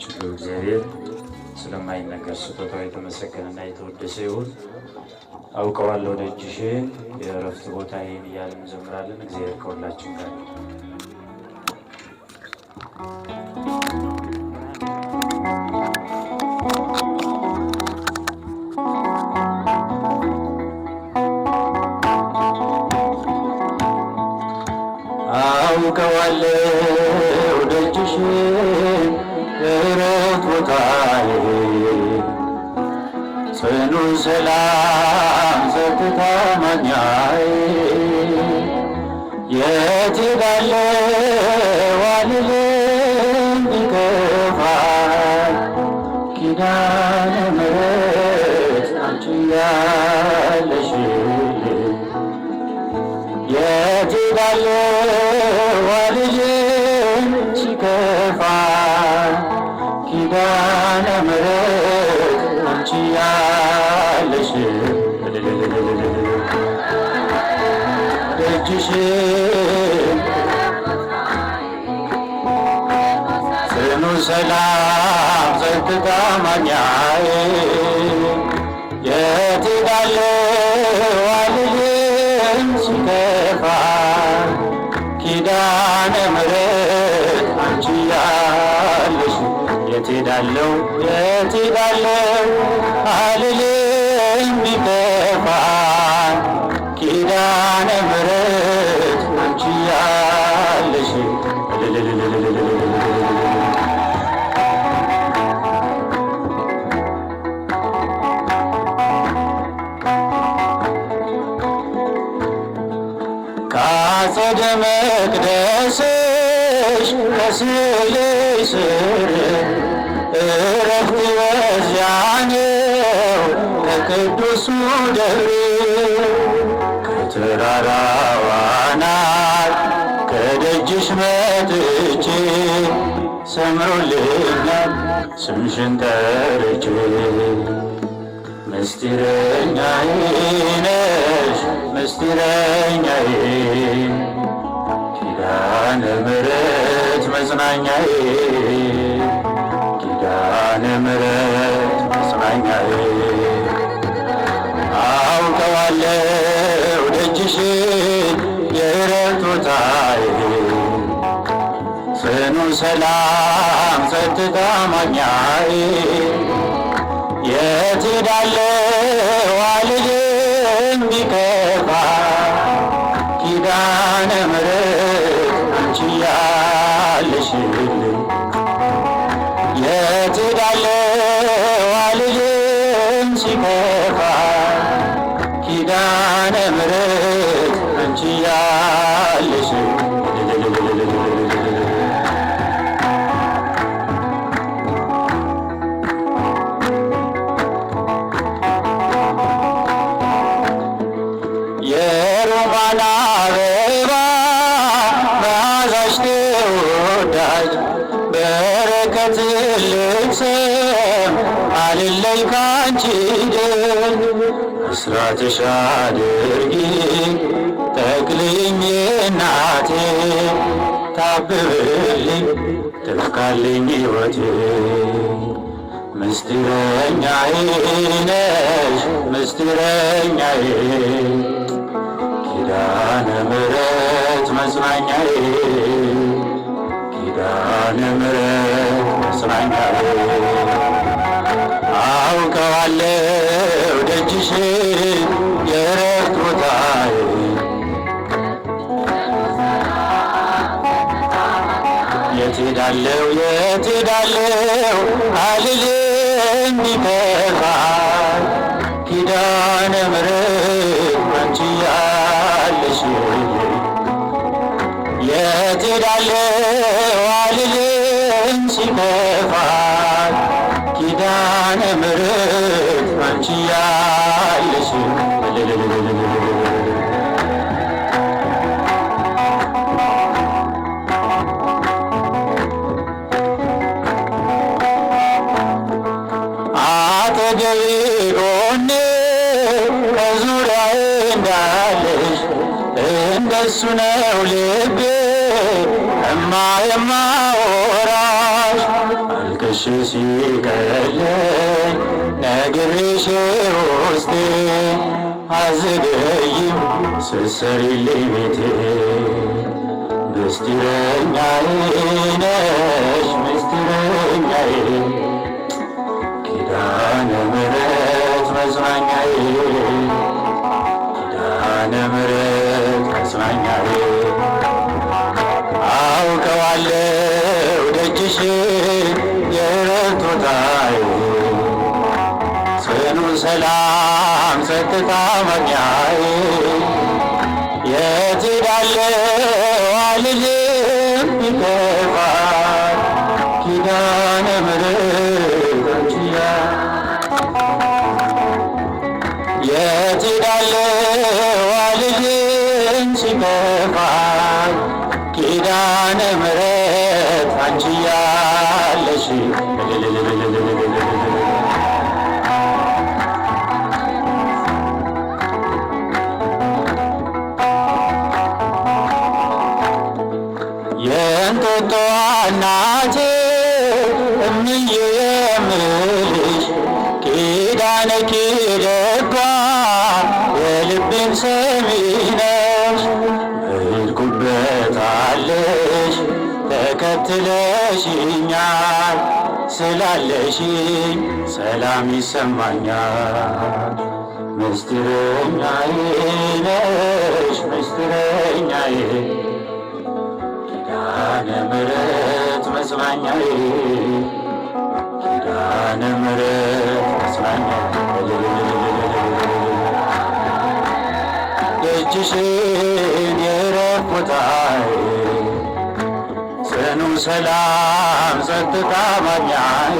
ለሰጣችሁ ለእግዚአብሔር ስለማይነገር ስጦታው የተመሰገነና የተወደሰ ይሁን። አውቀዋለሁ ደጅሽ የእረፍት ቦታ ይህን እያል እንዘምራለን። እግዚአብሔር ከሁላችን ጋር አውቀዋለሁ የትዳለ ዋልጅን ሲከፋ ኪዳነ ምሕረት አንቺ ያለሽ ደጅሽ ጽኑ ሰላም ጸጥታ ማኛዬ የትዳለ የት ሄዳለው የት ሄዳለው አልልም ቢከፋኝ ኪዳነ ምሕረት አንቺ ያለሽ ከአጸደ መቅደስሽ ስር እረፍት በዚያኔው ከቅዱሱ ደብር ከተራራው አናት ከደጅሽ መጥቼ ሰምሮልኛል ስምሽን ጠርቼ ምስጢረኛዬ ነሽ ምስጢረኛዬ ኪዳነ ምሕረት መጽናኛዬ ኪዳነ ምሕረት መጽናኛዬ አውቀዋለሁ ደጅሽ ጽኑ ሰላም ጸጥታ ማግኛዬ የት ሄዳለሁ አልልም ቢከ ይደል እስራትሽ አድርጊ ተክልኝ እናቴ ታብብልኝ ትፍካልኝ ሕይወቴ ምስጢረኛዬ ነሽ ምስጢረኛዬ ኪዳነ ምሕረት መጽናኛዬ ኪዳነ ምሕረት መጽናኛዬ አውቀዋለሁ ደጅሽን የእረፍት ቦታዬ የት ሄዳለሁ የት ሄዳለሁ አልልም ይከፋል ኪዳነ ምሕረት አንቺ ያለሽ የት ሄዳለሁ ሲከፋል ኪዳነ ምሕረት አንቺ ያለሽ አጠገቤ ጎኔ በዙሪያዬ እንዳለሽ እንደሱ ነው ልቤ እማ የማወ ልብሽ ሲገለኝ ነግሬሽ ውስጤ አዘገይም ስትሰሪልኝ ቤቴ ምስጢረኛዬ ነሽ ምስጢረኛዬ ኪዳነ ቀጥታ መግኛዬ የት እሄዳለሁ አልልም ቢከፋኝ ኪዳነ ምሕረት የት እሄዳለሁ አልልም ሲከፋኝ ኪዳነ ምሕረት አንቺ ያለሽ እምዬ የምልሽ ኪዳነኪ ደጓ የልቤን ሰሚ ነሽ ምልኩበታለሽ ተከትለሽኛል ስላለሽኝ ሰላም ይሰማኛል። ምስጢረኛዬ ነሽ ምስጢረኛዬ ኪዳነ ምሕረት መጽናኛዬ ኪዳነ ቦታዬ ጽኑ ሰላም ጸጥታ ማግኛዬ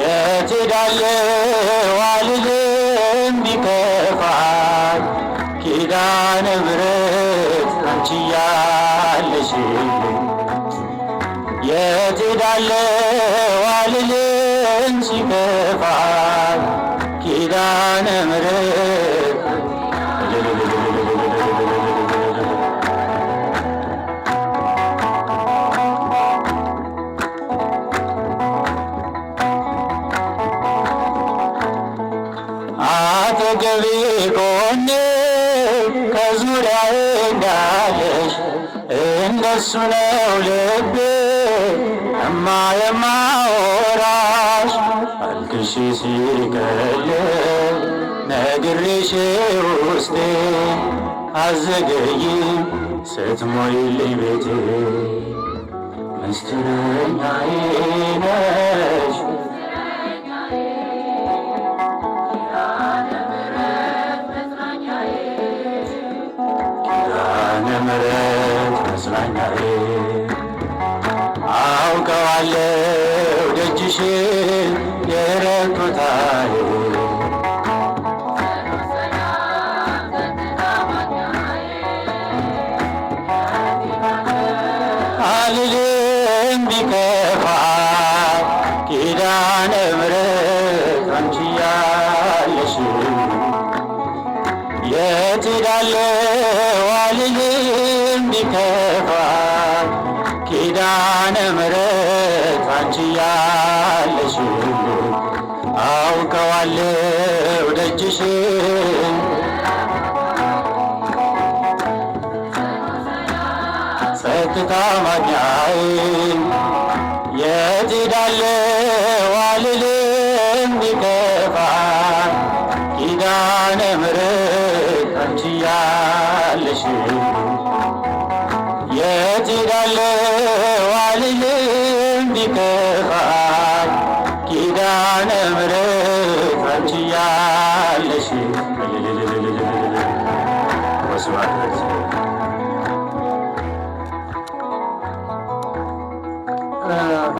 የት ሄዳለሁ አልልም ቢከፋኝ ኪዳነ ምሕረት አንቺ ያለሽኝ የት ሄዳለሁ አልልም ሲከፋኝ ኪዳነ ምሕረት አጠገቤ ቆሜ ከዙሪያዬ እንዳለሽ እንደሱ ነው ልቤ እማ የማወራሽ አልክሽ ሲቀል ነግሬሽ ውስጤ አዘገይም ስትሞይልኝ ቤቴ አልልም ቢከፋ ኪዳነ ምሕረት አንቺ ያለሽ የት እሄዳለሁ አልልም ቢከፋ ኪዳነ ምሕረት አንቺ አውቀዋለሁ ደጅሽ ጸጥታ ማኛዬን የት ሄዳለሁ አልልም ቢከፋ ኪዳነ ምሕረት አንቺ ያለሽ የት ሄዳለሁ አልልም ቢከፋ ኪዳነ ምሕረት